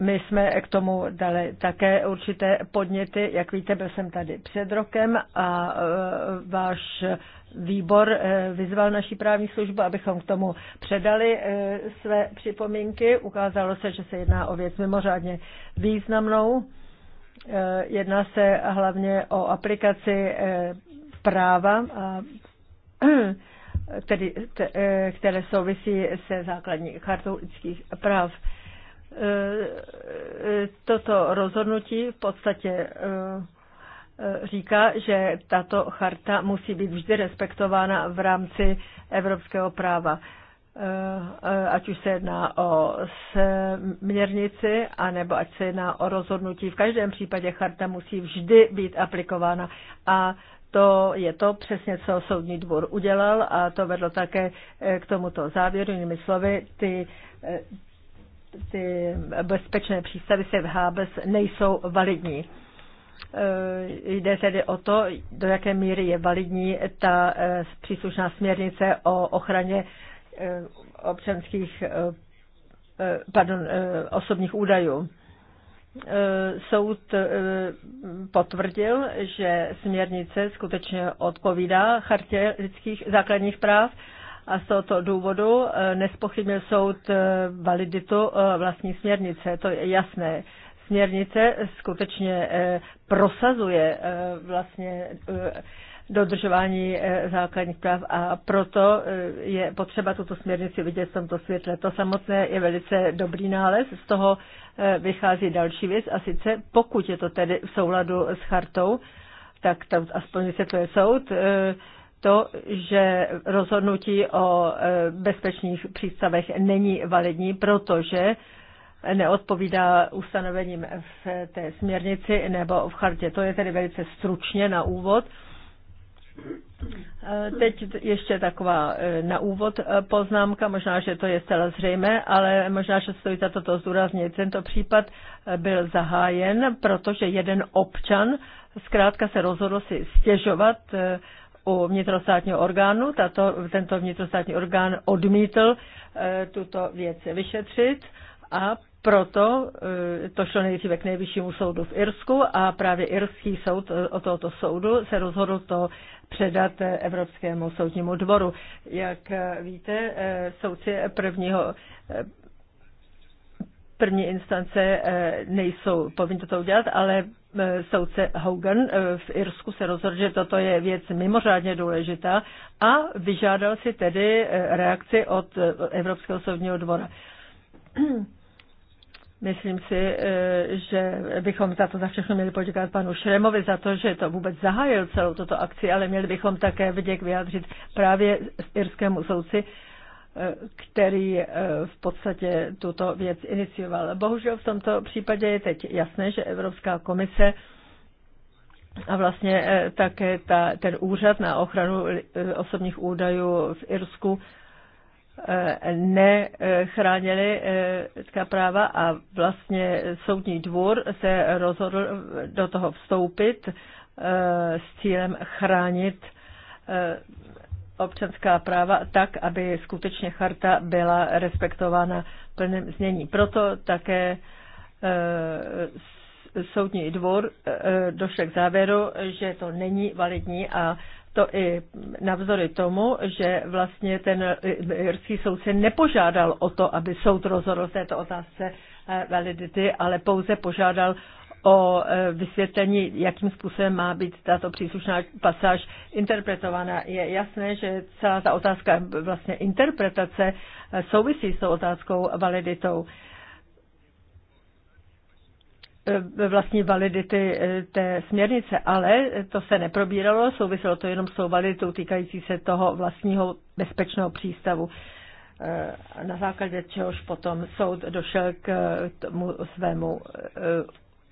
My jsme k tomu dali také určité podněty. Jak víte, byl jsem tady před rokem a e, váš výbor e, vyzval naší právní službu, abychom k tomu předali e, své připomínky. Ukázalo se, že se jedná o věc mimořádně významnou. Jedná se hlavně o aplikaci práva, které souvisí se základní chartou lidských práv toto rozhodnutí v podstatě eh, eh, říká, že tato charta musí být vždy respektována v rámci evropského práva. Eh, ať už se jedná o směrnici, anebo ať se jedná o rozhodnutí. V každém případě charta musí vždy být aplikována a to je to přesně, co soudní dvůr udělal a to vedlo také k tomuto závěru. Jinými slovy, ty ty bezpečné přístavy se v Hábes nejsou validní. E, jde tedy o to, do jaké míry je validní ta e, příslušná směrnice o ochraně e, občanských, pardon, osobních údajů. Soud potvrdil, že směrnice skutečně odpovídá chartě lidských základních práv, a z tohoto důvodu eh, nespochybnil soud eh, validitu eh, vlastní směrnice. To je jasné. Směrnice skutečně prosazuje vlastně dodržování základních práv a proto je potřeba tuto směrnici vidět v tomto světle. To samotné je velice dobrý nález, z toho vychází další věc a sice pokud je to tedy v souladu s chartou, tak tam aspoň je soud, to, že rozhodnutí o e, bezpečných přístavech není validní, protože neodpovídá ustanovením v té směrnici nebo v chartě. To je tedy velice stručně na úvod. E, teď ještě taková e, na úvod poznámka, možná, že to je zcela zřejmé, ale možná, že stojí za toto zdůraznit. Tento případ byl zahájen, protože jeden občan zkrátka se rozhodl si stěžovat u vnitrostátního orgánu. Tato, tento vnitrostátní orgán odmítl e, tuto věc vyšetřit a proto e, to šlo nejdříve k nejvyššímu soudu v Irsku a právě irský soud e, o tohoto soudu se rozhodl to předat Evropskému soudnímu dvoru. Jak víte, soudci prvního První instance eh, nejsou povinni to udělat, ale eh, soudce Hogan eh, v Irsku se rozhodl, že toto je věc mimořádně důležitá a vyžádal si tedy reakci od Evropského soudního dvora. Myslím si, že bychom za to za všechno měli poděkovat panu Šremovi za to, že to vůbec zahájil celou tuto akci, ale měli bychom také vděk vyjádřit právě irskému soudci, který eh, v podstatě tuto věc inicioval. Bohužel v tomto případě je teď jasné, že Evropská komise a vlastně eh, také ta, ten úřad na ochranu eh, osobních údajů v Irsku nechránili lidská práva a vlastně soudní dvůr se rozhodl do toho vstoupit s cílem chránit občanská práva tak, aby skutečně charta byla respektována v plném znění. Proto také e, soudní dvor e, došel k závěru, že to není validní a to i navzory tomu, že vlastně ten e, jirský se nepožádal o to, aby soud rozhodl v této otázce validity, ale pouze požádal o e, vysvětlení, jakým způsobem má být tato příslušná pasáž interpretována. Je jasné, že celá ta otázka vlastně interpretace e, souvisí s tou otázkou validitou e, vlastní validity té směrnice, ale to se neprobíralo, souviselo to jenom s tou validitou týkající se toho vlastního bezpečného přístavu na základě čehož potom soud došel k tomu svému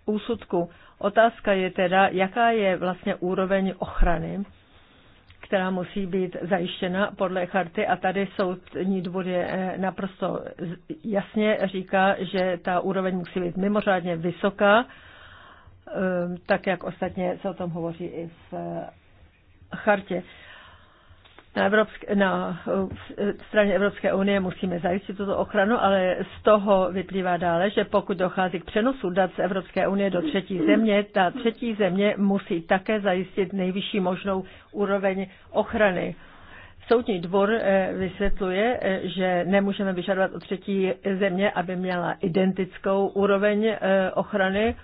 úsudku. Otázka je teda, jaká je vlastně úroveň ochrany, která musí být zajištěna podle charty a tady soudní dvůr je eh, naprosto jasně říká, že ta úroveň musí být mimořádně vysoká, eh, tak jak ostatně se o tom hovoří i v eh, chartě na, Evropské, na eh, straně Evropské unie musíme zajistit tuto ochranu, ale z toho vyplývá dále, že pokud dochází k přenosu dat z Evropské unie do třetí země, ta třetí země musí také zajistit nejvyšší možnou úroveň ochrany. Soudní dvor eh, vysvětluje, eh, že nemůžeme vyžadovat od třetí země, aby měla identickou úroveň ochrany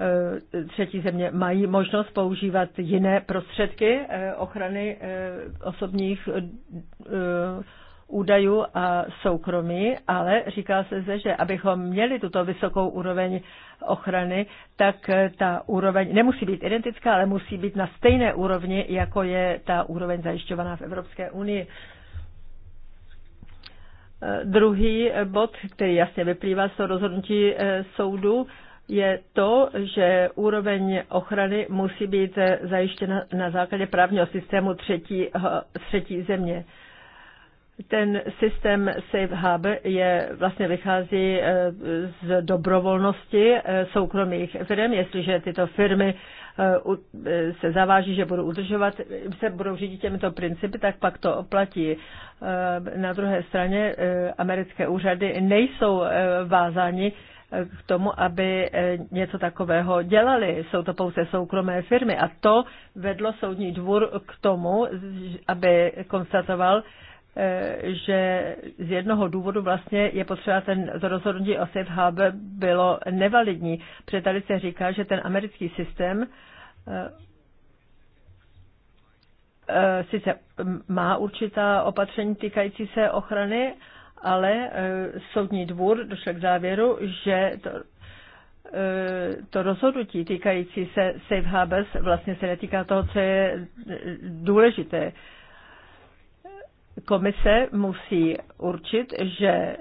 Eh, třetí země mají možnost používat jiné prostředky eh, ochrany eh, osobních údajů a soukromí, ale říká se zde, že abychom měli tuto vysokou úroveň ochrany, tak ta úroveň nemusí být identická, ale musí být na stejné úrovni, jako je ta úroveň zajišťovaná v Evropské unii. Druhý bod, který jasně vyplývá z toho rozhodnutí soudu, je to, že úroveň ochrany musí být zajištěna na základě právního systému třetí, třetí země. Ten systém Safe Hub je, vlastně vychází e, z dobrovolnosti e, soukromých firm. Jestliže tyto firmy e, se zaváží, že budou udržovat, se budou řídit těmito principy, tak pak to platí. Na druhé straně americké úřady nejsou vázáni k tomu, aby eh, něco takového dělali. Jsou to pouze soukromé firmy a to vedlo soudní dvůr k tomu, aby konstatoval, eh, že z jednoho důvodu vlastně je potřeba ten, rozhodnutí o safe hub bylo nevalidní. Protože tady se říká, že ten americký systém eh, sice má určitá opatření týkající se ochrany, ale eh, soudní dvůr došel k závěru, že to, eh, to rozhodnutí týkající se safe harbors vlastně se netýká toho, co je eh, důležité. Komise musí určit, že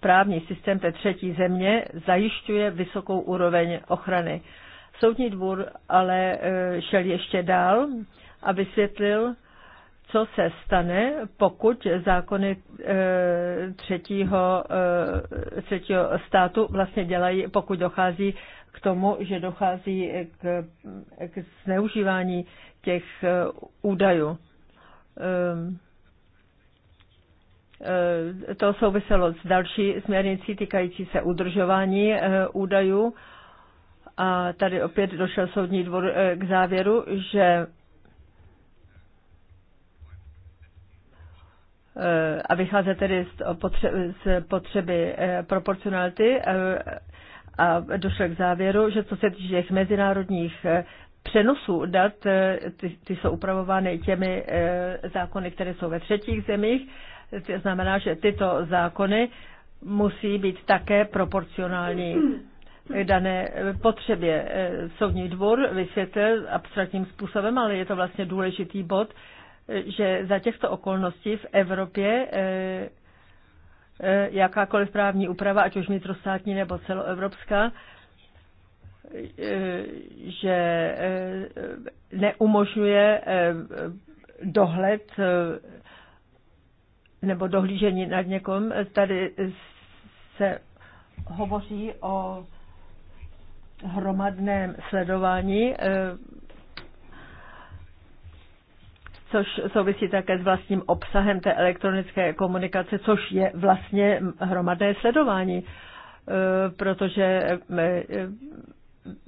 právní systém té třetí země zajišťuje vysokou úroveň ochrany. Soudní dvůr ale šel ještě dál a vysvětlil, co se stane, pokud zákony eh, třetího, eh, třetího státu vlastně dělají, pokud dochází k tomu, že dochází k, k zneužívání těch eh, údajů. To souviselo s další směrnicí týkající se udržování údajů. A tady opět došel soudní dvor k závěru, že Eh, a vycházet tedy z, potře- z potřeby eh, proporcionality eh, a došel k závěru, že co se týče těch mezinárodních přenosů dat, ty, ty jsou upravovány těmi zákony, které jsou ve třetích zemích. To znamená, že tyto zákony musí být také proporcionální dané potřebě. Soudní dvor vysvětlil abstraktním způsobem, ale je to vlastně důležitý bod, že za těchto okolností v Evropě eh, eh, jakákoliv právní úprava, ať už vnitrostátní nebo celoevropská, eh, že neumožňuje dohled nebo dohlížení nad někom. Tady se hovoří o hromadném sledování což souvisí také s vlastním obsahem té elektronické komunikace, což je vlastně hromadné sledování, e, protože e, e,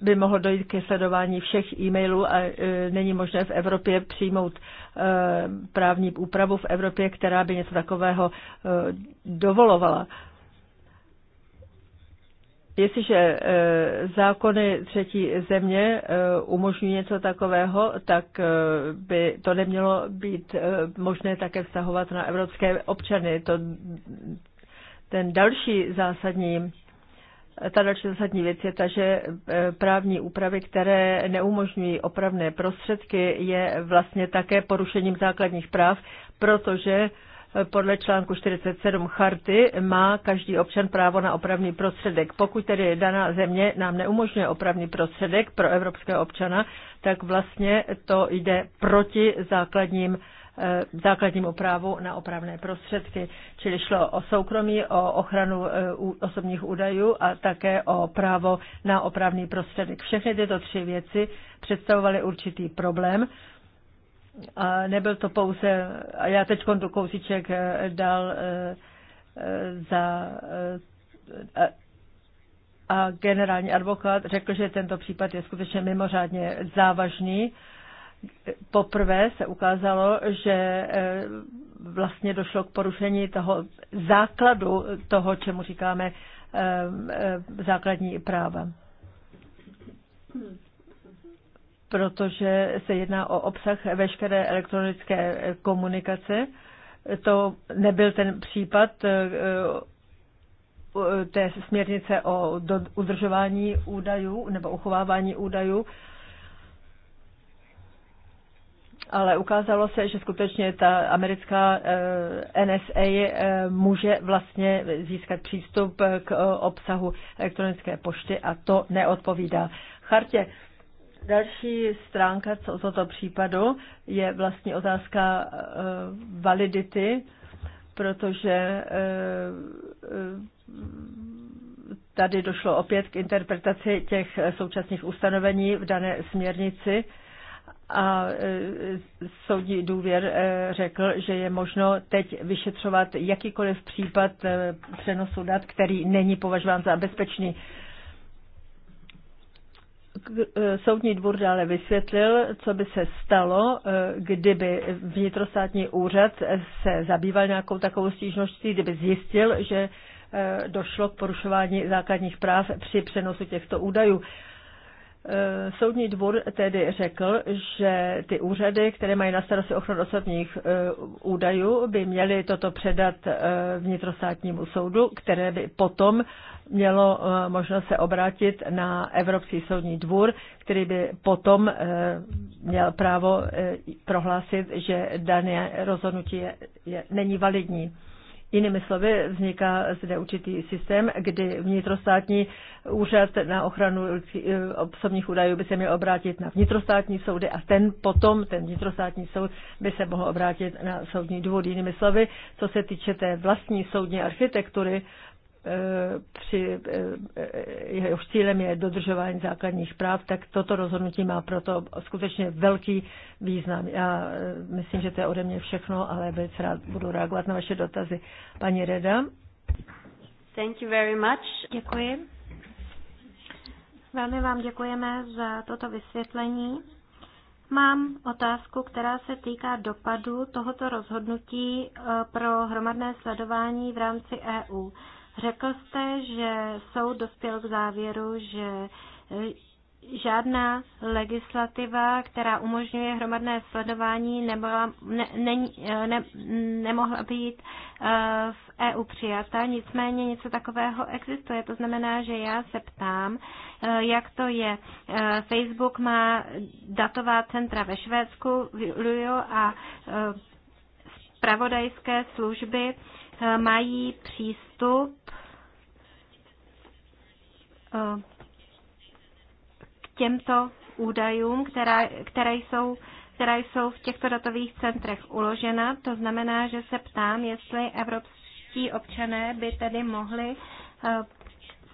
by mohlo dojít ke sledování všech e-mailů a není možné v Evropě přijmout právní úpravu v Evropě, která by něco takového dovolovala. Jestliže e, zákony třetí země e, umožňují něco takového, tak e, by to nemělo být možné také vztahovat na evropské občany. To, ten další zásadní ta další zásadní věc je ta, že právní úpravy, které neumožňují opravné prostředky, je vlastně také porušením základních práv, protože podle článku 47 charty má každý občan právo na opravný prostředek. Pokud tedy daná země nám neumožňuje opravný prostředek pro evropského občana, tak vlastně to jde proti základním eh, základnímu právu na opravné prostředky, čili šlo o soukromí, o ochranu eh, osobních údajů a také o právo na opravný prostředek. Všechny tyto tři věci představovaly určitý problém a nebyl to pouze, a já teď kondu kousiček eh, dal eh, eh, za a, a generální advokát řekl, že tento případ je skutečně mimořádně závažný. Poprvé se ukázalo, že vlastně došlo k porušení toho základu toho, čemu říkáme základní práva. Hmm protože se jedná o obsah veškeré elektronické komunikace. To nebyl ten případ eh, eh, té směrnice o udržování údajů nebo uchovávání údajů, ale ukázalo se, že skutečně ta americká eh, NSA může vlastně získat přístup k obsahu elektronické pošty a to neodpovídá chartě. Další stránka co tohoto případu je vlastně otázka eh, validity, protože eh, tady došlo opět k interpretaci těch současných ustanovení v dané směrnici a eh, soudní důvěr řekl, že je možno teď vyšetřovat jakýkoliv případ přenosu dat, který není považován za bezpečný. E, soudní dvůr dále vysvětlil, co by se stalo, e, kdyby vnitrostátní úřad se zabýval nějakou takovou stížností, kdyby zjistil, že e, došlo k porušování základních práv při přenosu těchto údajů. Eh, soudní dvůr tedy řekl, že ty úřady, které mají na starosti ochranu osobních eh, údajů, by měly toto předat eh, vnitrostátnímu soudu, které by potom mělo možnost se obrátit na Evropský soudní dvůr, který by potom měl právo prohlásit, že dané rozhodnutí je, je, není validní. Jinými slovy, vzniká zde určitý systém, kdy vnitrostátní úřad na ochranu eh, osobních údajů by se měl obrátit na vnitrostátní soudy a ten potom, ten vnitrostátní soud, by se mohl obrátit na soudní důvod. Jinými slovy, co se týče té vlastní soudní architektury, při, eh, eh, jeho cílem je dodržování základních práv, tak toto rozhodnutí má proto skutečně velký význam. Já eh, myslím, že to je ode mě všechno, ale velice rád budu reagovat na vaše dotazy. Paní Reda. Thank you very much. Děkuji. Velmi vám děkujeme za toto vysvětlení. Mám otázku, která se týká dopadu tohoto rozhodnutí pro hromadné sledování v rámci EU. Řekl jste, že soud dospěl k závěru, že e, žádná legislativa, která umožňuje hromadné sledování, nemohla, ne, ne, e, ne, nemohla být e, v EU přijata. Nicméně něco takového existuje. To znamená, že já se ptám, jak to je. Facebook má datová centra ve Švédsku, v Lujo a pravodajské služby mají přístup k těmto údajům, která, které jsou které jsou v těchto datových centrech uložena. To znamená, že se ptám, jestli evropští občané by tedy mohli eh,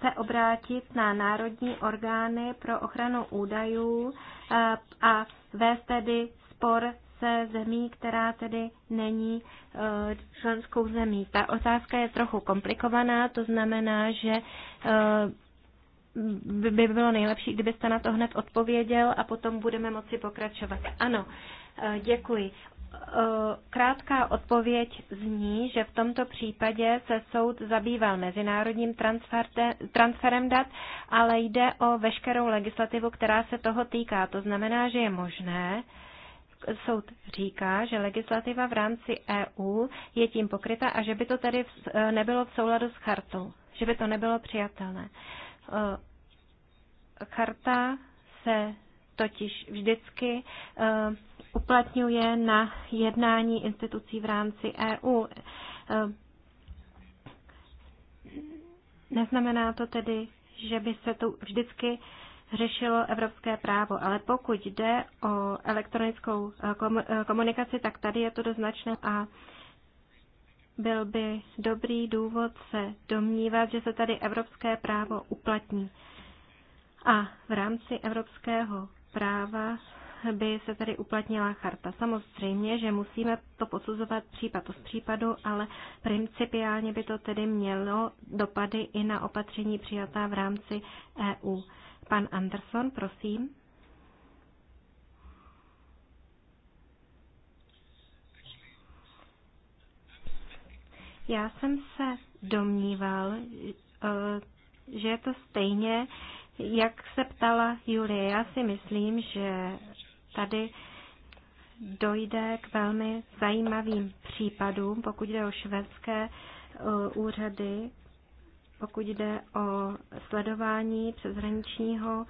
se obrátit na národní orgány pro ochranu údajů eh, a vést tedy spor se zemí, která tedy není eh, členskou zemí. Ta otázka je trochu komplikovaná, to znamená, že by bylo nejlepší, kdybyste na to hned odpověděl a potom budeme moci pokračovat. Ano, eh, děkuji. Eh, krátká odpověď zní, že v tomto případě se soud zabýval mezinárodním transferem dat, ale jde o veškerou legislativu, která se toho týká. To znamená, že je možné, soud říká, že legislativa v rámci EU je tím pokryta a že by to tedy nebylo v souladu s chartou, že by to nebylo přijatelné. Charta eh, se totiž vždycky eh, uplatňuje na jednání institucí v rámci EU. Eh, neznamená to tedy, že by se tu vždycky řešilo evropské právo, ale pokud jde o elektronickou komunikaci, tak tady je to doznačné a byl by dobrý důvod se domnívat, že se tady evropské právo uplatní. A v rámci evropského práva by se tady uplatnila charta. Samozřejmě, že musíme to posuzovat případ z případu, ale principiálně by to tedy mělo dopady i na opatření přijatá v rámci EU. Pan Anderson, prosím. Já jsem se domníval, eh, že je to stejně, jak se ptala Julie. Já si myslím, že tady dojde k velmi zajímavým případům, pokud jde o švédské eh, úřady, pokud jde o sledování přeshraničního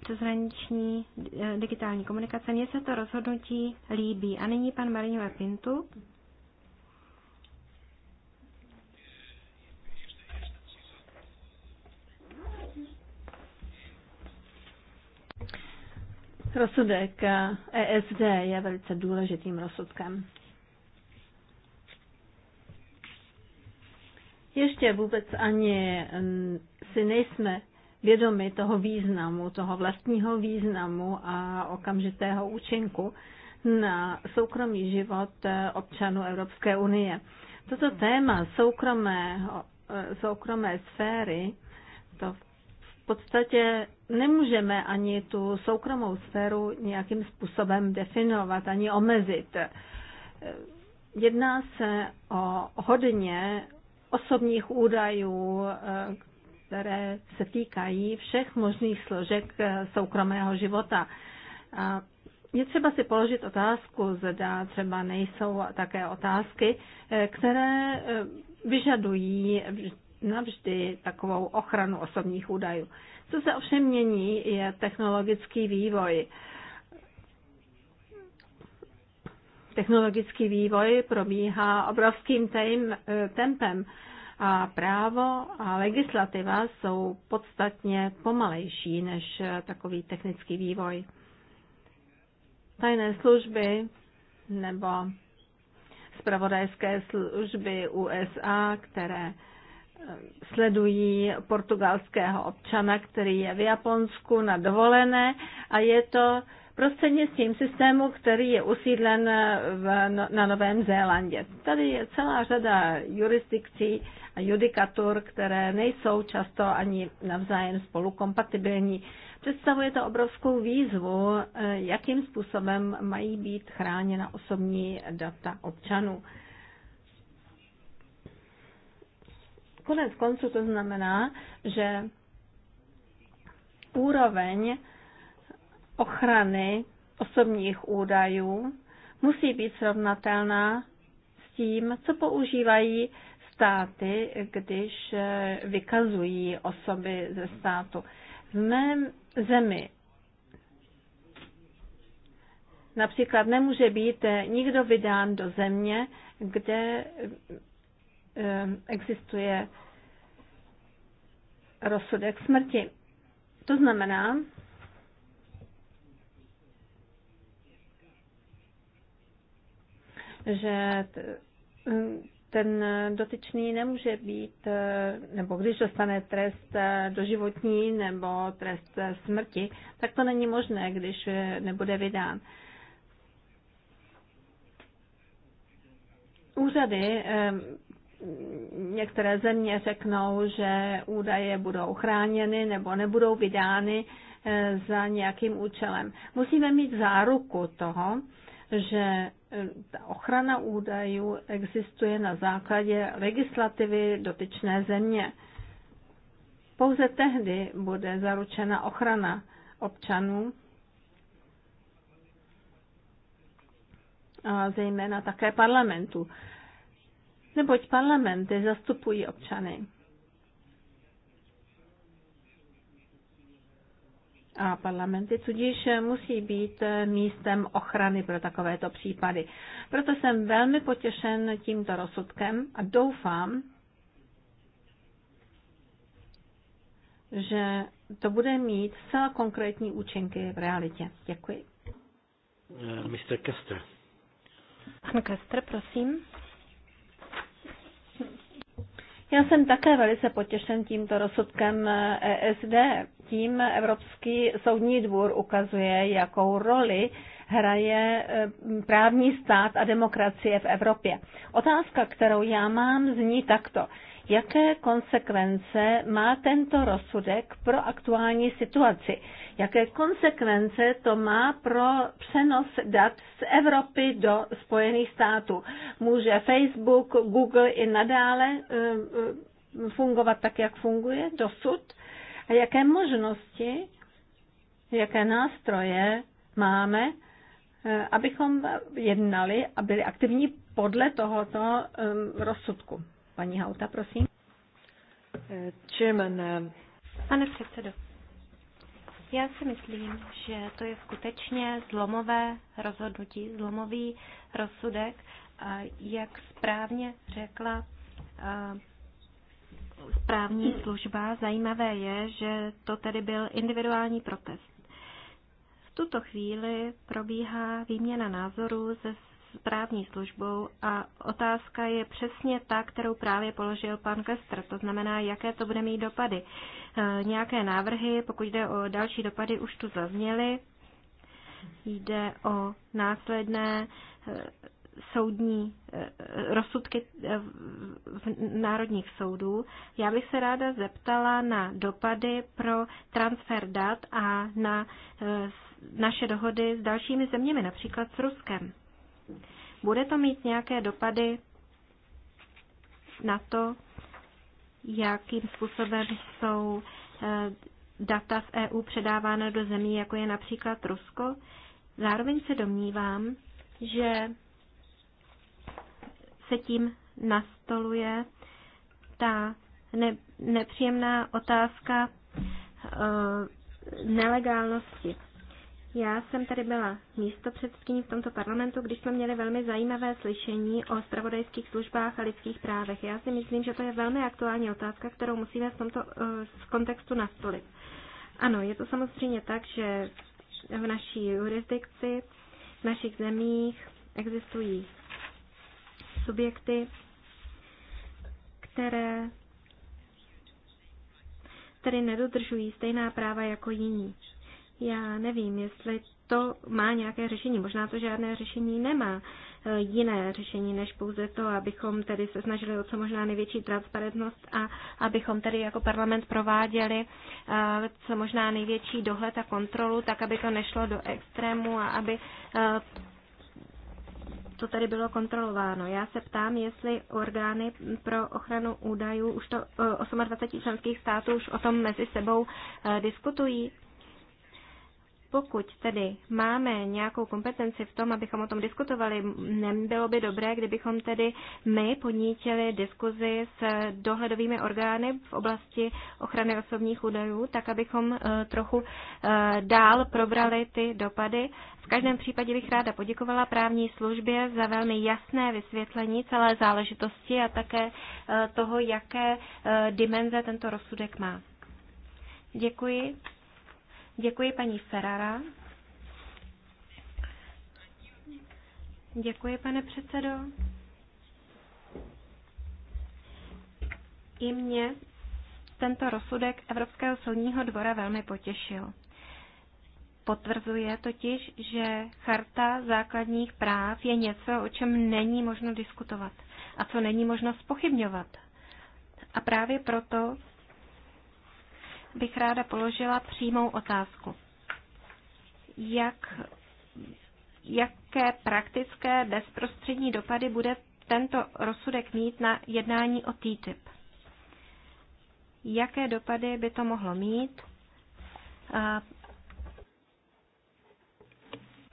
přeshraniční eh, digitální komunikace. Mně se to rozhodnutí líbí. A nyní pan Mariňové Pintu. Rozsudek ESD eh, e je velice důležitým rozsudkem. Ještě vůbec ani mm, si nejsme vědomi toho významu, toho vlastního významu a okamžitého účinku na soukromý život eh, občanů Evropské unie. Toto téma soukromé, eh, soukromé sféry, to v podstatě nemůžeme ani tu soukromou sféru nějakým způsobem definovat ani omezit. Jedná se o hodně osobních údajů, které se týkají všech možných složek soukromého života. A je třeba si položit otázku, zda třeba nejsou také otázky, které vyžadují navždy takovou ochranu osobních údajů. Co se ovšem mění, je technologický vývoj. Technologický vývoj probíhá obrovským tempem a právo a legislativa jsou podstatně pomalejší než takový technický vývoj. Tajné služby nebo spravodajské služby USA, které sledují portugalského občana, který je v Japonsku na dovolené a je to prostřednictvím systému, který je usídlen v, no, na Novém Zélandě. Tady je celá řada jurisdikcí a judikatur, které nejsou často ani navzájem spolu kompatibilní. Představuje to obrovskou výzvu, eh, jakým způsobem mají být chráněna osobní data občanů. Konec konců to znamená, že úroveň ochrany osobních údajů musí být srovnatelná s tím, co používají státy, když vykazují osoby ze státu. V mém zemi například nemůže být nikdo vydán do země, kde Ehm, existuje rozsudek smrti. To znamená, že ehm, ten dotyčný nemůže být, ehm, nebo když dostane trest doživotní nebo trest smrti, tak to není možné, když nebude vydán. Úřady některé země řeknou, že údaje budou chráněny nebo nebudou vydány eh, za nějakým účelem. Musíme mít záruku toho, že eh, ta ochrana údajů existuje na základě legislativy dotyčné země. Pouze tehdy bude zaručena ochrana občanů, a zejména také parlamentu neboť parlamenty zastupují občany. A parlamenty tudíž musí být místem ochrany pro takovéto případy. Proto jsem velmi potěšen tímto rozsudkem a doufám, že to bude mít celá konkrétní účinky v realitě. Děkuji. Eh, Mr. Kester. Pan Kester, prosím. Já jsem také velice potěšen tímto rozsudkem ESD. Eh, e Tím Evropský soudní dvůr ukazuje, jakou roli hraje eh, právní stát a demokracie v Evropě. Otázka, kterou já mám, zní takto jaké konsekvence má tento rozsudek pro aktuální situaci. Jaké konsekvence to má pro přenos dat z Evropy do Spojených států. Může Facebook, Google i nadále eh, eh, fungovat tak, jak funguje dosud? A jaké možnosti, jaké nástroje máme, eh, abychom jednali a byli aktivní podle tohoto rozsudku. Paní Hauta, prosím. Chairman, eh, Pane předsedo, já si myslím, že to je skutečně zlomové rozhodnutí, zlomový rozsudek. Jak správně řekla eh, správní služba, zajímavé je, že to tedy byl individuální protest. V tuto chvíli probíhá výměna názorů ze správní právní službou a otázka je přesně ta, kterou právě položil pan Kestr, to znamená, jaké to bude mít dopady. E, nějaké návrhy, pokud jde o další dopady, už tu zazněly. Jde o následné e, soudní e, rozsudky v národních soudů. Já bych se ráda zeptala na dopady pro transfer dat a na naše dohody s dalšími zeměmi, například s Ruskem. Bude to mít nějaké dopady na to, jakým způsobem jsou eh, data z EU předávána do zemí, jako je například Rusko. Zároveň se domnívám, že se tím nastoluje ta ne, nepříjemná otázka e, nelegálnosti. Já jsem tady byla místo předsedkyní v tomto parlamentu, když jsme měli velmi zajímavé slyšení o spravodajských službách a lidských právech. Já si myslím, že to je velmi aktuální otázka, kterou musíme v tomto eh, v kontextu nastolit. Ano, je to samozřejmě tak, že v naší jurisdikci, v našich zemích existují subjekty, které tedy nedodržují stejná práva jako jiní. Já nevím, jestli to má nějaké řešení. Možná to žádné řešení nemá. E, jiné řešení než pouze to, abychom tedy se snažili o co možná největší transparentnost a abychom tedy jako parlament prováděli e, co možná největší dohled a kontrolu, tak aby to nešlo do extrému a aby e, to tady bylo kontrolováno. Já se ptám, jestli orgány pro ochranu údajů už to 28 členských států už o tom mezi sebou diskutují. Pokud tedy máme nějakou kompetenci v tom, abychom o tom diskutovali, nebylo by dobré, kdybychom tedy my podnítili diskuzi s dohledovými orgány v oblasti ochrany osobních údajů, tak abychom eh, trochu eh, dál probrali ty dopady. V každém případě bych ráda poděkovala právní službě za velmi jasné vysvětlení celé záležitosti a také eh, toho, jaké dimenze tento rozsudek má. Děkuji. Děkuji paní Ferrara. Děkuji, pane předsedo. I mě tento rozsudek Evropského soudního dvora velmi potěšil. Potvrzuje totiž, že charta základních práv je něco, o čem není možno diskutovat a co není možno spochybňovat. A právě proto bych ráda položila přímou otázku. Jak, jaké praktické bezprostřední dopady bude tento rozsudek mít na jednání o TTIP? Jaké dopady by to mohlo mít?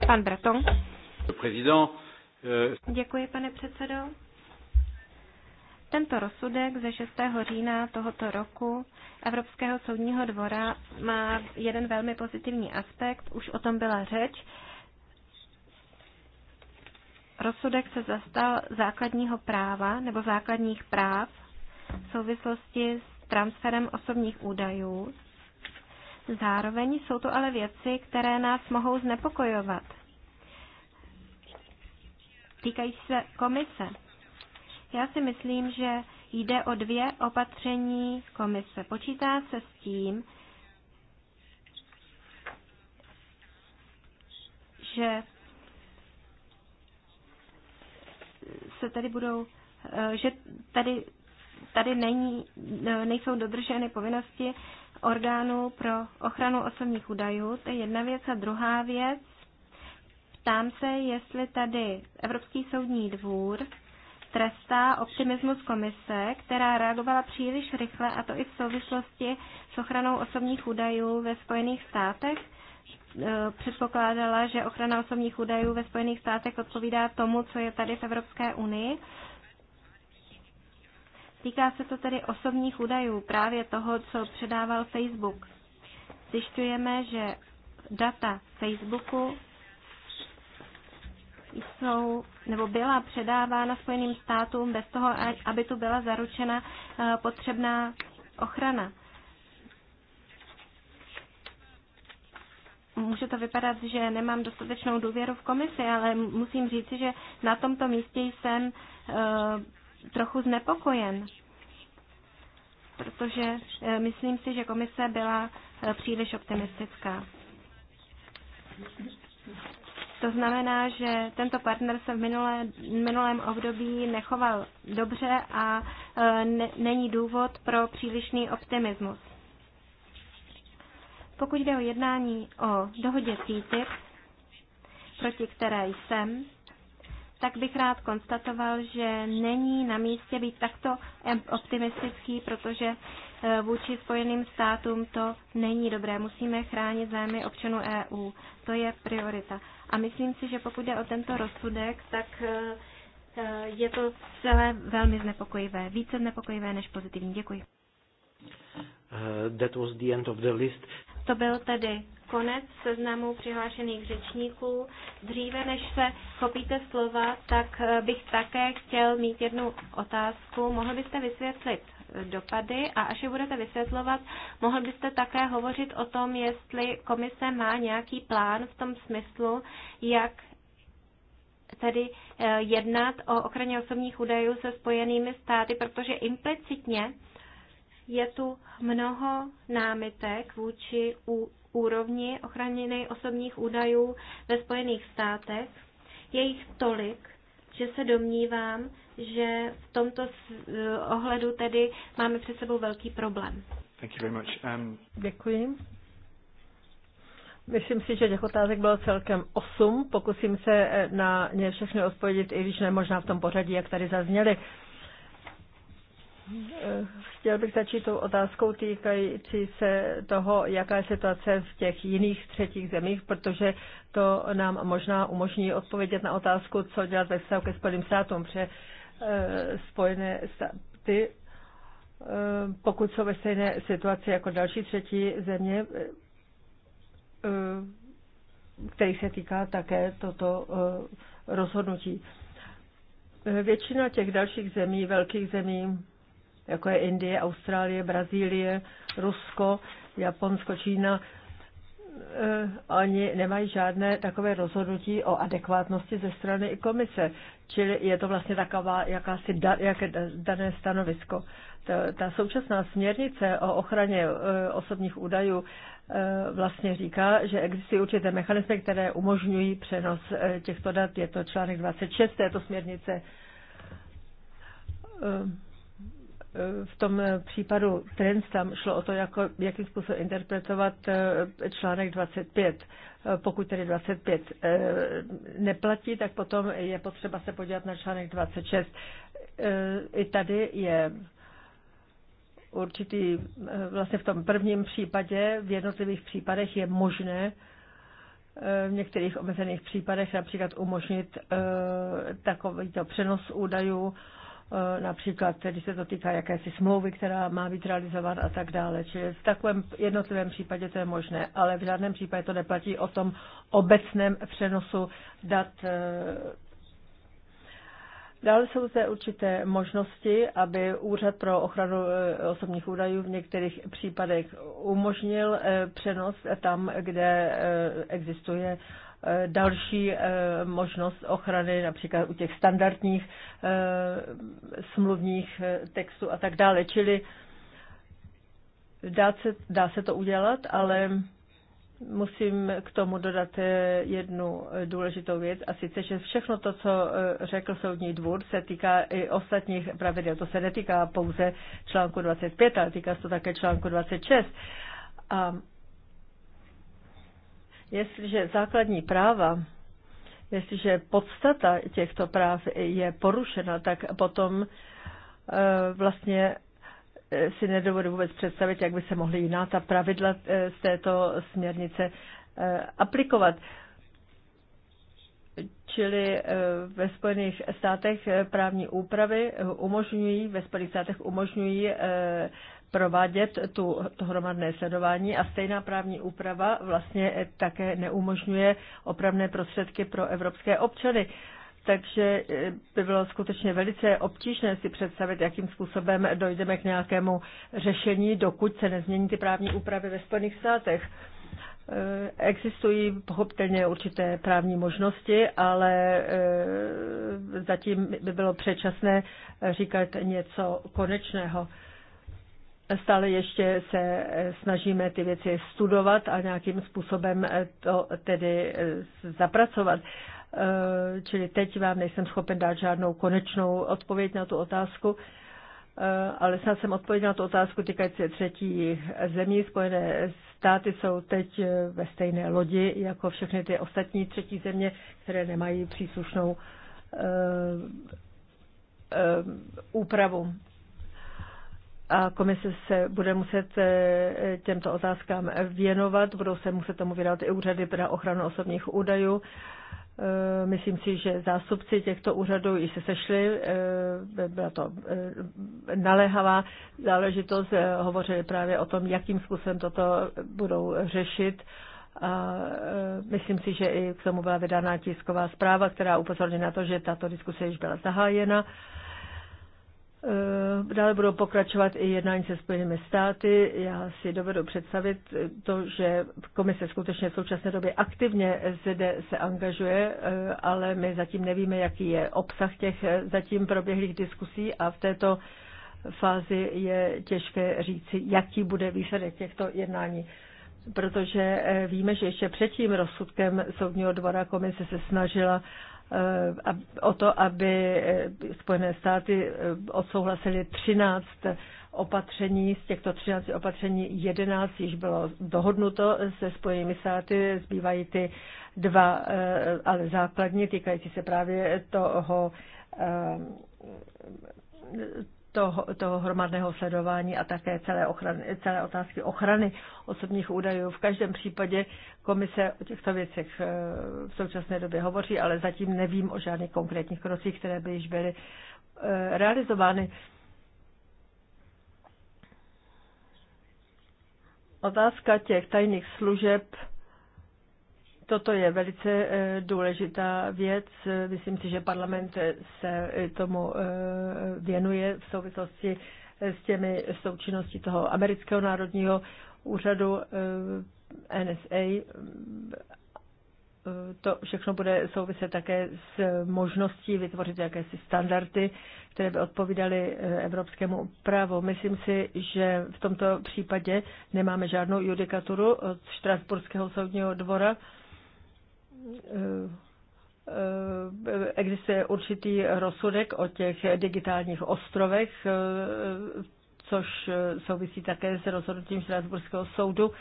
Pan Breton. Euh, Děkuji, pane předsedo. Tento rozsudek ze 6. října tohoto roku Evropského soudního dvora má jeden velmi pozitivní aspekt, už o tom byla řeč. Rozsudek se zastal základního práva nebo základních práv v souvislosti s transferem osobních údajů. Zároveň jsou to ale věci, které nás mohou znepokojovat. Týkají se komise. Já si myslím, že jde o dvě opatření komise. Počítá se s tím, že se tady budou, eh, že tady, tady není, eh, nejsou dodrženy povinnosti orgánů pro ochranu osobních údajů. To je jedna věc. A druhá věc, ptám se, jestli tady Evropský soudní dvůr trestá optimismus komise, která reagovala příliš rychle, a to i v souvislosti s ochranou osobních údajů ve Spojených státech. E, předpokládala, že ochrana osobních údajů ve Spojených státech odpovídá tomu, co je tady v Evropské unii. Týká se to tedy osobních údajů, právě toho, co předával Facebook. Zjišťujeme, že data Facebooku jsou nebo byla předávána Spojeným státům bez toho, aby tu byla zaručena eh, potřebná ochrana. může to vypadat, že nemám dostatečnou důvěru v komisi, ale musím říci, že na tomto místě jsem e, trochu znepokojen, protože eh, myslím si, že komise byla příliš optimistická. To znamená, že tento partner se v minulé, minulém období nechoval dobře a e, ne, není důvod pro přílišný optimismus. Pokud jde o jednání o dohodě CTIP, proti které jsem, tak bych rád konstatoval, že není na místě být takto optimistický, protože e, vůči Spojeným státům to není dobré. Musíme chránit zájmy občanů EU. To je priorita. A myslím si, že pokud jde o tento rozsudek, tak eh, eh, je to celé velmi znepokojivé, více znepokojivé než pozitivní. Děkuji. Uh, that was the end of the list. To byl tedy konec seznamu přihlášených řečníků. Dříve než se chopíte slova, tak bych také chtěl mít jednu otázku. Mohl byste vysvětlit dopady a až je budete vysvětlovat, mohl byste také hovořit o tom, jestli komise má nějaký plán v tom smyslu, jak tedy eh, jednat o ochraně osobních údajů se spojenými státy, protože implicitně je tu mnoho námitek vůči úrovni ochrany osobních údajů ve Spojených státech. Je jich tolik, že se domnívám, že v tomto eh, ohledu tedy máme před sebou velký problém. Thank you very much. Um... Děkuji. Myslím si, že těch otázek bylo celkem osm. Pokusím se eh, na ně všechny odpovědět, i když ne možná v tom pořadí, jak tady zazněly. Eh, chtěl bych začít tou otázkou týkající se toho, jaká je situace v těch jiných třetích zemích, protože to nám možná umožní odpovědět na otázku, co dělat ve vztahu ke Spojeným státům, protože Eh, spojené státy, eh, pokud jsou ve stejné situaci jako další třetí země, eh, který se týká také toto rozhodnutí. Většina těch dalších zemí, velkých zemí, jako je Indie, Austrálie, Brazílie, Rusko, Japonsko, Čína, Eh, oni nemají žádné takové rozhodnutí o adekvátnosti ze strany komise, čili je to vlastně taková jakási da, jaké dané stanovisko. Ta, ta současná směrnice o ochraně eh, osobních údajů eh, vlastně říká, že existují určité mechanismy, které umožňují přenos těchto dat. Je to článek 26 této směrnice. Um v tom případu Trends tam šlo o to, jako, jakým způsobem interpretovat eh, článek 25. Eh, pokud tedy 25 eh, neplatí, tak potom je potřeba se podívat na článek 26. I tady je určitý, vlastně v tom prvním případě, v jednotlivých případech je možné v některých omezených případech například umožnit takovýto přenos údajů Eh, například když se to týká jakési smlouvy, která má být realizována a tak dále. Čili v takovém jednotlivém případě to je možné, ale v žádném případě to neplatí o tom obecném přenosu dat. Eh. Dále jsou zde určité možnosti, aby Úřad pro ochranu eh, osobních údajů v některých případech umožnil přenos tam, kde existuje Eh, další eh, možnost ochrany, například u těch standardních eh, smluvních textů a tak dále. Čili dá se, dá se to udělat, ale musím k tomu dodat jednu důležitou věc a sice, že všechno to, co řekl soudní dvůr, se týká i ostatních pravidel. To se netýká pouze článku 25, ale týká se to také článku 26. A Jestliže základní práva, jestliže podstata těchto práv je porušena, tak potom eh, vlastně eh, si nedovedu vůbec představit, jak by se mohly jiná ta pravidla eh, z této směrnice aplikovat. Čili ve Spojených státech právní úpravy umožňují, ve Spojených státech umožňují provádět tu, to hromadné sledování a stejná právní úprava vlastně také neumožňuje opravné prostředky pro evropské občany. Takže eh, by bylo skutečně velice obtížné si představit, jakým způsobem dojdeme k nějakému řešení, dokud se nezmění ty právní úpravy ve Spojených státech. Eh, existují pochopitelně určité právní možnosti, ale eh, zatím by bylo předčasné říkat něco konečného. Stále ještě se eh, snažíme ty věci studovat a nějakým způsobem eh, to tedy eh, zapracovat. Čili teď vám nejsem schopen dát žádnou konečnou odpověď na tu otázku, ale snad jsem odpověděl na tu otázku týkající třetí zemí. Spojené státy jsou teď ve stejné lodi jako všechny ty ostatní třetí země, které nemají příslušnou úpravu a komise se bude muset e, těmto otázkám věnovat, budou se muset tomu vydat i úřady pro ochranu osobních údajů. E, myslím si, že zástupci těchto úřadů již se sešli, e, byla to naléhavá záležitost, hovořili právě o tom, jakým způsobem toto budou řešit. A myslím si, že i k tomu byla vydána tisková zpráva, která upozorňuje na to, že tato diskuse již byla zahájena. Eh, dále budou pokračovat i jednání se Spojenými státy. Já si dovedu představit to, že komise skutečně v současné době aktivně zde se angažuje, eh, ale my zatím nevíme, jaký je obsah těch eh, zatím proběhlých diskusí a v této fázi je těžké říci, jaký bude výsledek těchto jednání. Protože víme, že ještě před tím rozsudkem Soudního dvora komise se snažila Eh, o to, aby eh, Spojené státy eh, odsouhlasily 13 opatření, z těchto 13 opatření 11 již bylo dohodnuto se Spojenými státy, zbývají ty dva, ale základní, týkající se právě toho toho, toho hromadného sledování a také celé, ochrany, celé otázky ochrany osobních údajů. V každém případě komise o těchto věcech eh, v současné době hovoří, ale zatím nevím o žádných konkrétních krocích, které by již byly eh, realizovány. Otázka těch tajných služeb Toto je velice eh, důležitá věc. Myslím si, že parlament se eh, tomu eh, věnuje v souvislosti s těmi součinnosti toho amerického národního úřadu NSA. To všechno bude souviset také s možností vytvořit jakési standardy, které by odpovídaly evropskému právu. Myslím si, že v tomto případě nemáme žádnou judikaturu od Štrasburského soudního dvora. Eh, eh, existuje určitý rozsudek o těch digitálních ostrovech, eh, což souvisí také s rozhodnutím Štrasburského soudu.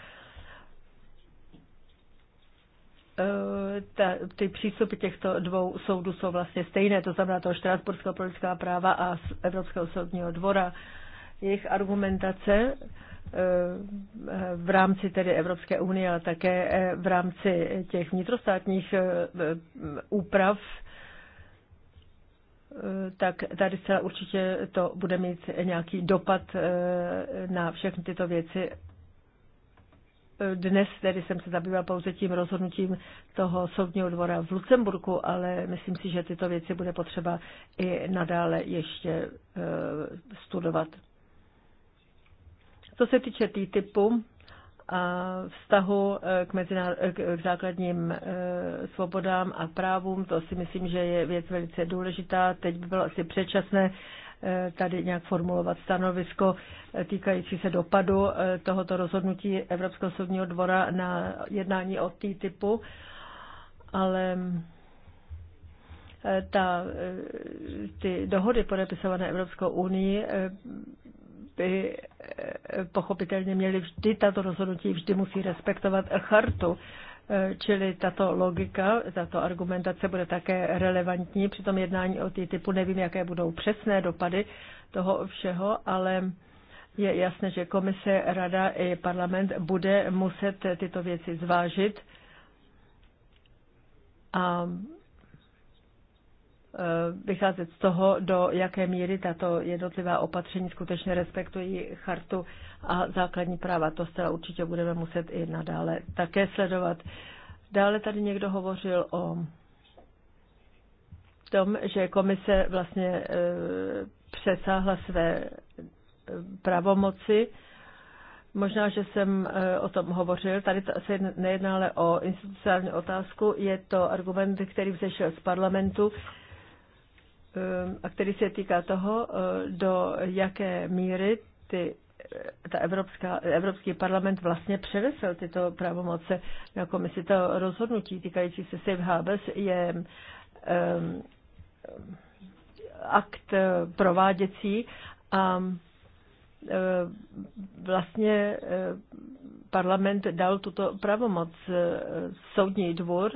Ta, ty přístupy těchto dvou soudů jsou vlastně stejné, to znamená toho Štrasburského politická práva a Evropského soudního dvora. Jejich argumentace uh, v rámci tedy Evropské unie, ale také eh, v rámci těch vnitrostátních eh, eh, úprav, tak tady zcela určitě to bude mít nějaký dopad na všechny tyto věci. Dnes tedy jsem se zabýval pouze tím rozhodnutím toho soudního dvora v Lucemburku, ale myslím si, že tyto věci bude potřeba i nadále ještě studovat. Co se týče TTIPu a eh, vztahu eh, eh, k, k základním svobodám a právům, to si myslím, že je věc velice důležitá. Teď by bylo asi předčasné tady nějak formulovat stanovisko týkající se dopadu tohoto rozhodnutí Evropského soudního dvora na jednání o TTIPu, ale ta, ty dohody podepisované Evropskou unii by eh, pochopitelně měli vždy, tato rozhodnutí vždy musí respektovat chartu. Eh, čili tato logika, tato argumentace bude také relevantní. Při tom jednání o typu nevím, jaké budou přesné dopady toho všeho, ale je jasné, že komise, rada i parlament bude muset tyto věci zvážit. A Eh, vycházet z toho, do jaké míry tato jednotlivá opatření skutečně respektují chartu a základní práva. To zcela určitě budeme muset i nadále také sledovat. Dále tady někdo hovořil o tom, že komise vlastně eh, přesáhla své eh, pravomoci. Možná, že jsem o tom hovořil. Tady se nejedná ale o institucionální otázku. Je to argument, který vzešel z parlamentu. Ehm, a který se týká toho, eh, do jaké míry ty, eh, ta Evropská, Evropský parlament vlastně převesel tyto pravomoce na komisi. To rozhodnutí týkající se Safe Harbors je um, akt eh, prováděcí a vlastně parlament dal tuto pravomoc. Soudní dvor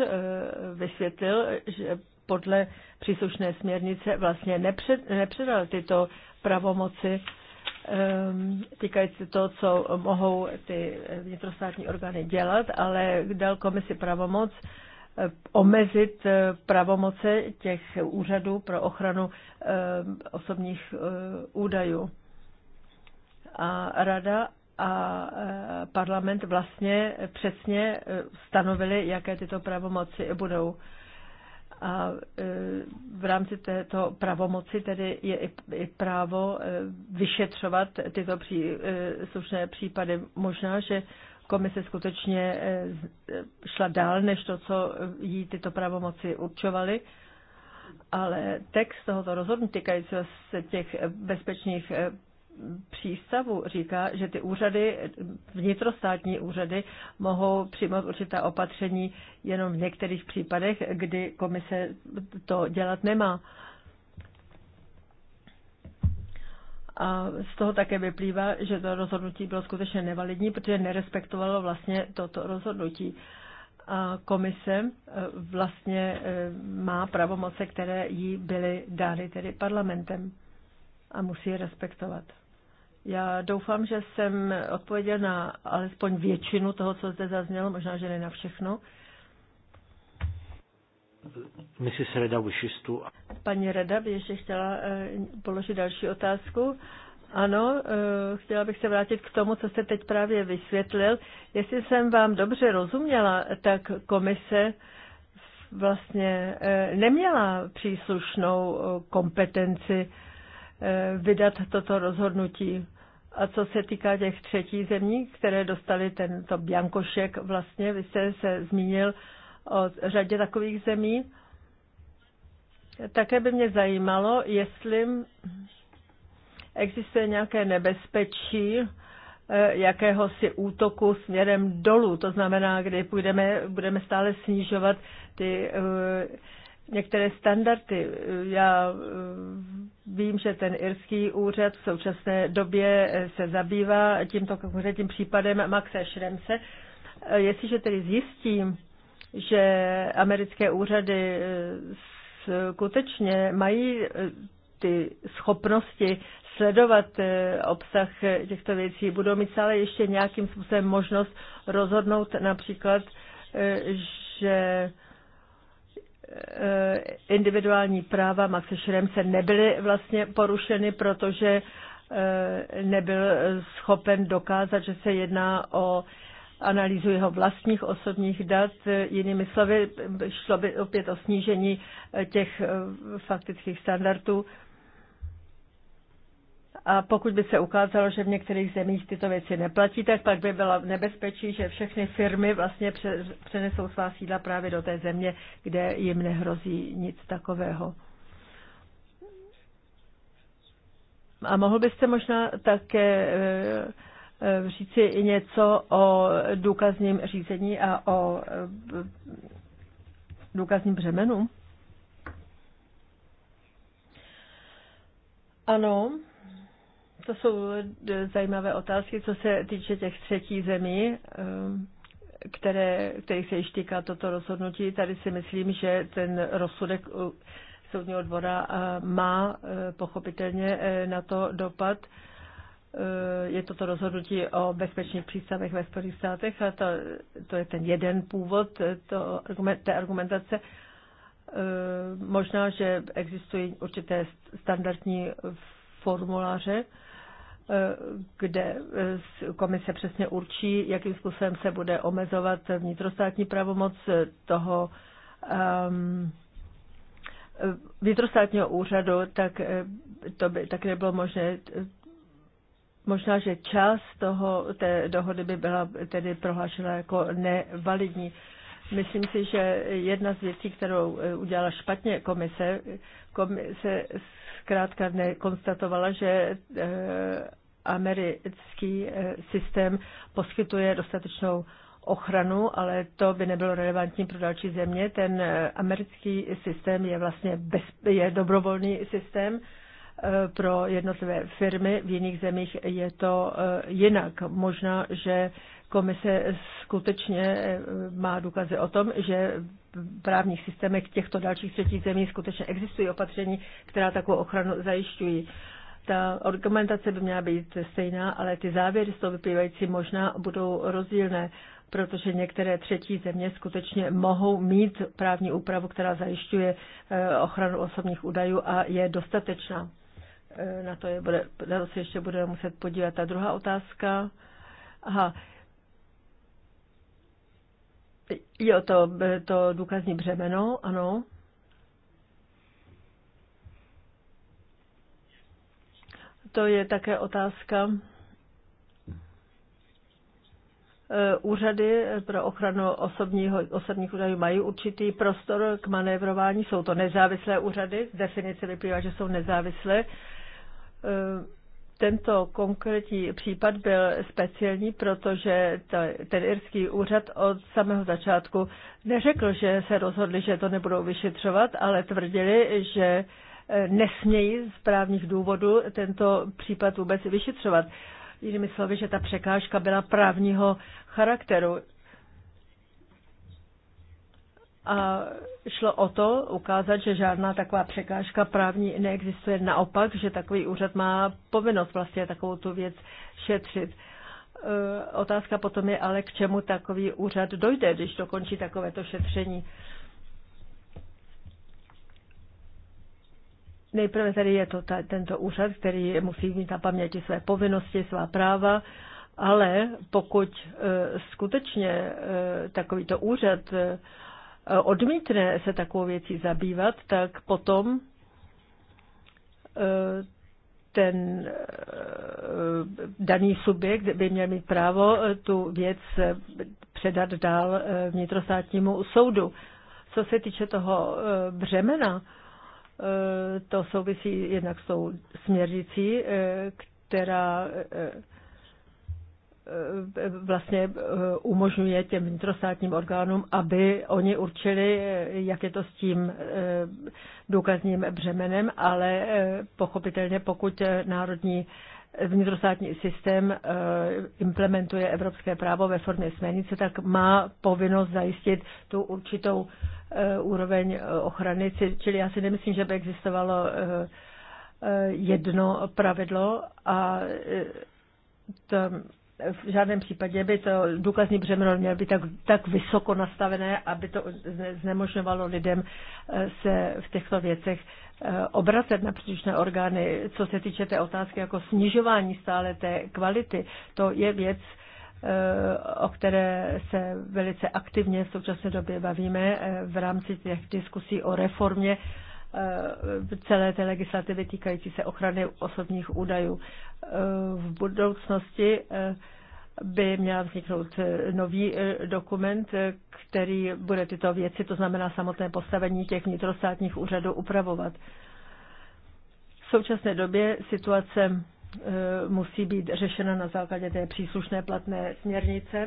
vysvětlil, že podle příslušné směrnice vlastně nepřed, nepředal tyto pravomoci ehm, týkající toho, co mohou ty vnitrostátní orgány dělat, ale dal komisi pravomoc eh, omezit eh, pravomoce těch úřadů pro ochranu ehm, osobních eh, údajů. A rada a parlament vlastně přesně stanovili, jaké tyto pravomoci budou. A e, v rámci této pravomoci tedy je i právo e, vyšetřovat tyto pří, e, slušné případy. Možná, že komise skutečně šla dál, než to, co jí tyto pravomoci určovaly. Ale text tohoto rozhodnutí týkajícího se těch bezpečných přístavu říká, že ty úřady, vnitrostátní úřady, mohou přijmout určitá opatření jenom v některých případech, kdy komise to dělat nemá. A z toho také vyplývá, že to rozhodnutí bylo skutečně nevalidní, protože nerespektovalo vlastně toto rozhodnutí. A komise e, vlastně e, má pravomoce, které jí byly dány tedy parlamentem a musí je respektovat. Já doufám, že jsem odpověděl na alespoň většinu toho, co zde zaznělo, možná, že ne na všechno. Mrs. Reda wishes Paní Reda by ještě chtěla eh, položit další otázku. Ano, eh, chtěla bych se vrátit k tomu, co jste teď právě vysvětlil. Jestli jsem vám dobře rozuměla, tak komise vlastně eh, neměla příslušnou kompetenci Eh, vydat toto rozhodnutí. A co se týká těch třetí zemí, které dostali tento biankošek, vlastně vy jste se zmínil o řadě takových zemí. Také by mě zajímalo, jestli existuje nějaké nebezpečí eh, jakéhosi útoku směrem dolů. To znamená, kdy půjdeme, budeme stále snižovat ty eh, některé standardy. Já eh, vím, že ten irský úřad v současné době eh, se zabývá tímto konkrétním případem Maxe Šremse. Eh, jestliže tedy zjistím, že americké úřady skutečně mají ty schopnosti sledovat obsah těchto věcí, budou mít stále ještě nějakým způsobem možnost rozhodnout například, že Eh, individuální práva Maxe Šremce nebyly vlastně porušeny, protože eh, nebyl schopen dokázat, že se jedná o analýzu jeho vlastních osobních dat. Jinými slovy, šlo by opět o snížení eh, těch faktických standardů a pokud by se ukázalo, že v některých zemích tyto věci neplatí, tak pak by bylo nebezpečí, že všechny firmy vlastně přenesou svá sídla právě do té země, kde jim nehrozí nic takového. A mohl byste možná také eh, eh, říci i něco o důkazním řízení a o eh, důkazním břemenu? Ano. To jsou eh, zajímavé otázky, co se týče těch třetí zemí, eh, které, kterých se již týká toto rozhodnutí. Tady si myslím, že ten rozsudek eh, soudního dvora má pochopitelně na to dopad. Je toto rozhodnutí o bezpečných přístavech ve Spojených státech a to, to je ten jeden původ to, té argumentace. Možná, že existují určité standardní formuláře, kde eh, komise přesně určí, jakým způsobem se bude omezovat vnitrostátní pravomoc eh, toho um, vnitrostátního úřadu, tak to by tak nebylo možné. Možná, že část toho, té dohody by byla tedy prohlášena jako nevalidní. Myslím si, že jedna z věcí, kterou udělala špatně komise, komise zkrátka nekonstatovala, že eh, americký eh, systém poskytuje dostatečnou ochranu, ale to by nebylo relevantní pro další země. Ten eh, americký systém je vlastně bez, je dobrovolný systém pro jednotlivé firmy, v jiných zemích je to jinak. Možná, že Komise skutečně eh, má důkazy o tom, že v právních systémech těchto dalších třetích zemí skutečně existují opatření, která takovou ochranu zajišťují. Ta argumentace by měla být stejná, ale ty závěry z toho vyplývající možná budou rozdílné, protože některé třetí země skutečně mohou mít právní úpravu, která zajišťuje eh, ochranu osobních údajů a je dostatečná. Eh, na to, je, bude, na to se ještě budeme muset podívat. Ta druhá otázka. Aha, Jo, to, to důkazní břemeno, ano. To je také otázka e, úřady pro ochranu osobního, osobních údajů mají určitý prostor k manévrování. Jsou to nezávislé úřady, z definice vyplývá, že jsou nezávislé. E, tento konkrétní případ byl speciální, protože ten irský úřad od samého začátku neřekl, že se rozhodli, že to nebudou vyšetřovat, ale tvrdili, že eh, nesmějí z právních důvodů tento případ vůbec vyšetřovat. Jinými slovy, že ta překážka byla právního charakteru. A šlo o to ukázat, že žádná taková překážka právní neexistuje. Naopak, že takový úřad má povinnost vlastně takovou tu věc šetřit. E, otázka potom je ale, k čemu takový úřad dojde, když dokončí takovéto šetření. Nejprve tady je to ta, tento úřad, který musí mít na paměti své povinnosti, svá práva, ale pokud e, skutečně e, takovýto úřad e, Eh, odmítne se takovou věcí zabývat, tak potom eh, ten eh, daný subjekt by měl mít právo tu věc předat dál vnitrostátnímu soudu. Co se týče toho břemena, to souvisí jednak s tou směřící, která Eh, vlastně eh, umožňuje těm vnitrostátním orgánům, aby oni určili, eh, jak je to s tím důkazním břemenem, ale pochopitelně pokud národní vnitrostátní systém implementuje evropské právo ve formě směrnice, tak má povinnost zajistit tu určitou úroveň ochrany. Čili já si nemyslím, že by existovalo jedno pravidlo a to v žádném případě by to důkazní břemeno mělo být tak, tak vysoko nastavené, aby to znemožňovalo lidem eh, se v těchto věcech eh, obracet na příslušné orgány. Co se týče té otázky jako snižování stále té kvality, to je věc, eh, o které se velice aktivně v současné době bavíme v rámci těch diskusí o reformě Eh, celé té legislativy týkající se ochrany osobních údajů. Eh, v budoucnosti eh, by měl vzniknout nový dokument, který bude tyto věci, to znamená samotné postavení těch vnitrostátních úřadů, upravovat. V současné době situace musí být řešena na základě té příslušné platné směrnice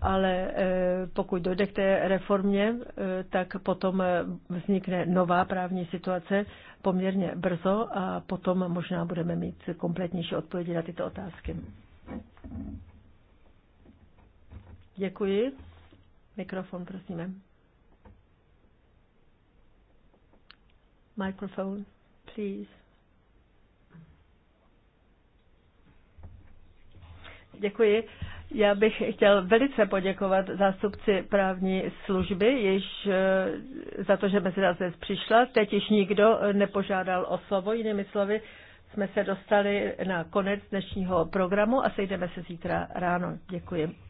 ale eh, pokud dojde k té reformě, eh, tak potom eh, vznikne nová právní situace poměrně brzo a potom možná budeme mít kompletnější odpovědi na tyto otázky. Děkuji. Mikrofon, prosíme. Microphone, please. Děkuji. Já bych chtěl velice poděkovat zástupci právní služby, již eh, za to, že mezi nás dnes přišla. Teď již nikdo eh, nepožádal o slovo, jinými slovy, jsme se dostali na konec dnešního programu a sejdeme se zítra ráno. Děkuji.